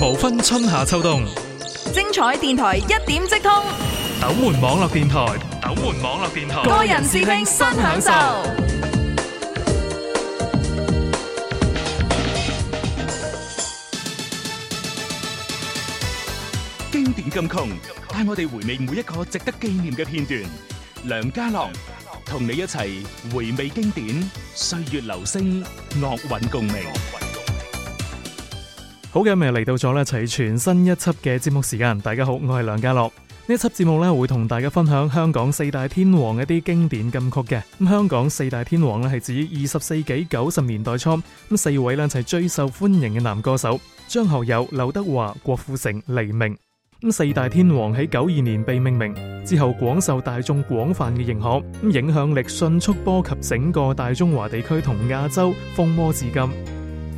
無分春夏秋冬，精彩電台一點即通。斗門網絡電台，斗門網絡電台，個人視聽，新享受。經典金曲，帶我哋回味每一個值得紀念嘅片段。梁家朗同你一齊回味經典，歲月留聲，樂韻共鳴。好嘅，我哋嚟到咗一齊全新一輯嘅節目時間。大家好，我係梁家樂。呢一輯節目呢會同大家分享香港四大天王一啲經典金曲嘅。咁香港四大天王呢係指二十世紀九十年代初，咁四位呢就係最受歡迎嘅男歌手：張學友、劉德華、郭富城、黎明。咁四大天王喺九二年被命名之後，廣受大眾廣泛嘅認可，咁影響力迅速波及整個大中華地區同亞洲，風靡至今。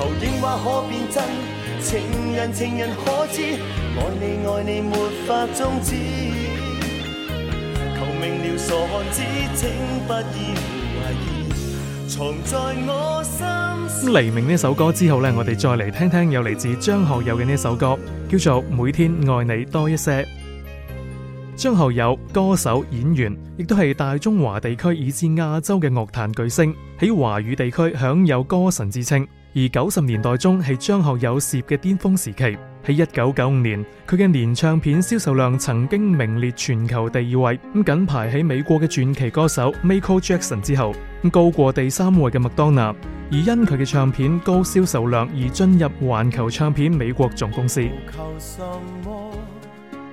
求應話可變真情人，情人可知愛你愛你，沒法終止。求明了傻漢子，請不要懷疑。藏在我心。黎明呢首歌之後呢我哋再嚟聽聽，有嚟自張學友嘅呢首歌，叫做《每天愛你多一些》。張學友，歌手、演員，亦都係大中華地區以至亞洲嘅樂壇巨星，喺華語地區享有歌神之稱。而九十年代中係張學友事業嘅巔峰時期，喺一九九五年，佢嘅年唱片銷售量曾經名列全球第二位，咁僅排喺美國嘅傳奇歌手 Michael Jackson 之後，高過第三位嘅麥當娜。而因佢嘅唱片高銷售量而進入環球唱片美國總公司。無求什麼，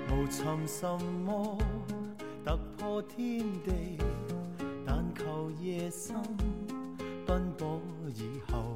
無尋什麼，突破天地，但求夜深，奔波以後。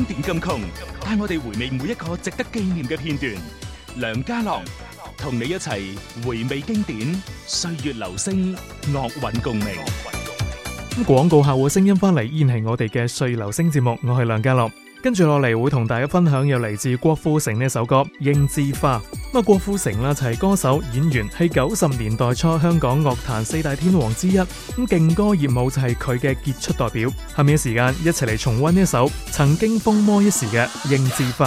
經典咁窮，帶我哋回味每一個值得紀念嘅片段。梁家樂同你一齊回味經典，歲月留聲，樂韻共鳴。咁廣告後嘅聲音翻嚟，依然係我哋嘅歲月留聲節目。我係梁家樂，跟住落嚟會同大家分享，又嚟自郭富城呢首歌《英之花》。郭富城啦，就係歌手、演員，係九十年代初香港樂壇四大天王之一。咁勁歌熱舞就係佢嘅傑出代表。下面嘅時間，一齊嚟重溫一首曾經風靡一時嘅《應字花》。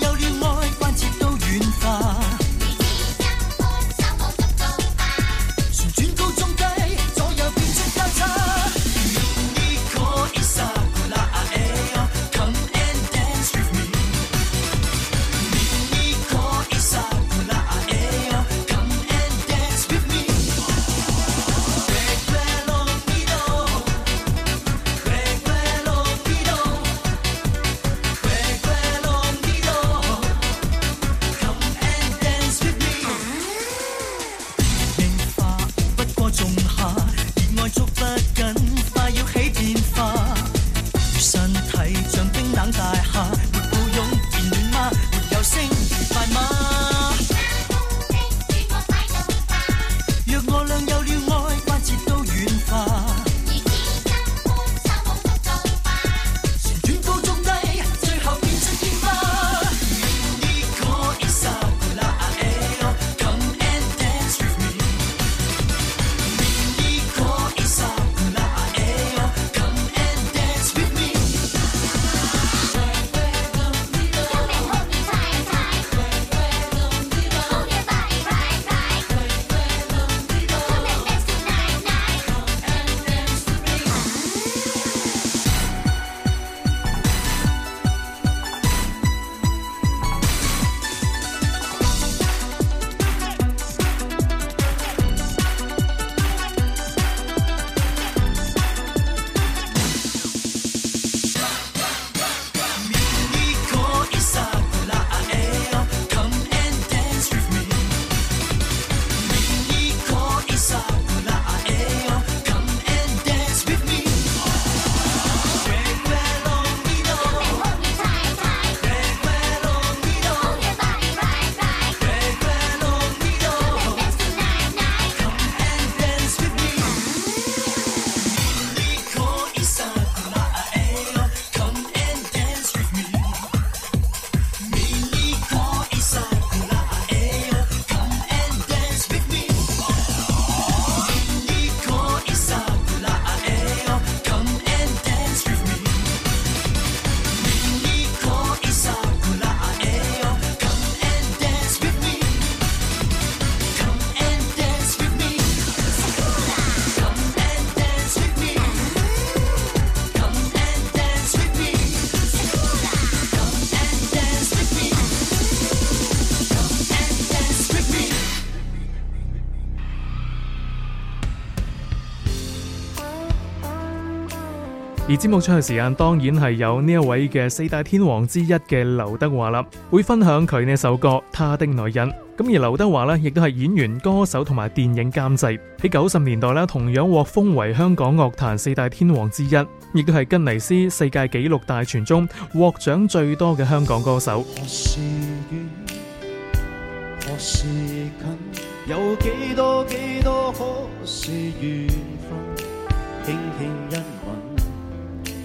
而節目出去時間當然係有呢一位嘅四大天王之一嘅劉德華啦，會分享佢呢首歌《他的女人》。咁而劉德華呢，亦都係演員、歌手同埋電影監製。喺九十年代呢，同樣獲封為香港樂壇四大天王之一，亦都係吉尼斯世界紀錄大全中獲獎最多嘅香港歌手。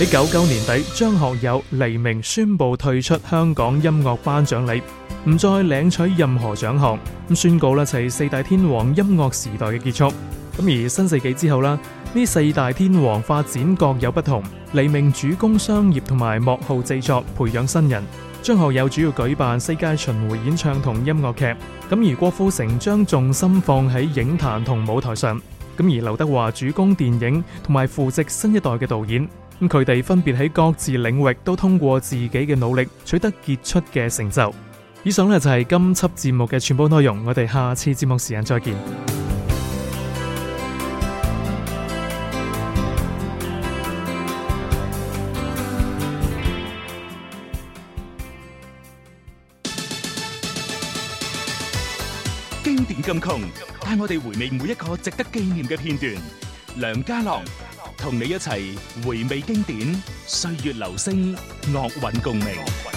喺九九年底，張學友黎明宣布退出香港音樂頒獎禮，唔再領取任何獎項。咁宣告就係四大天王音樂時代嘅結束。咁而新世紀之後啦，呢四大天王發展各有不同。黎明主攻商業同埋幕後製作，培養新人；張學友主要舉辦世界巡迴演唱同音樂劇。咁而郭富城將重心放喺影壇同舞台上。咁而劉德華主攻電影同埋扶植新一代嘅導演。咁佢哋分別喺各自領域都通過自己嘅努力取得傑出嘅成就。以上呢，就係今輯節目嘅全部內容，我哋下次節目時間再見。經典金曲，帶我哋回味每一個值得紀念嘅片段。梁家樂。同你一齊回味經典，歲月留聲，樂韻共鳴。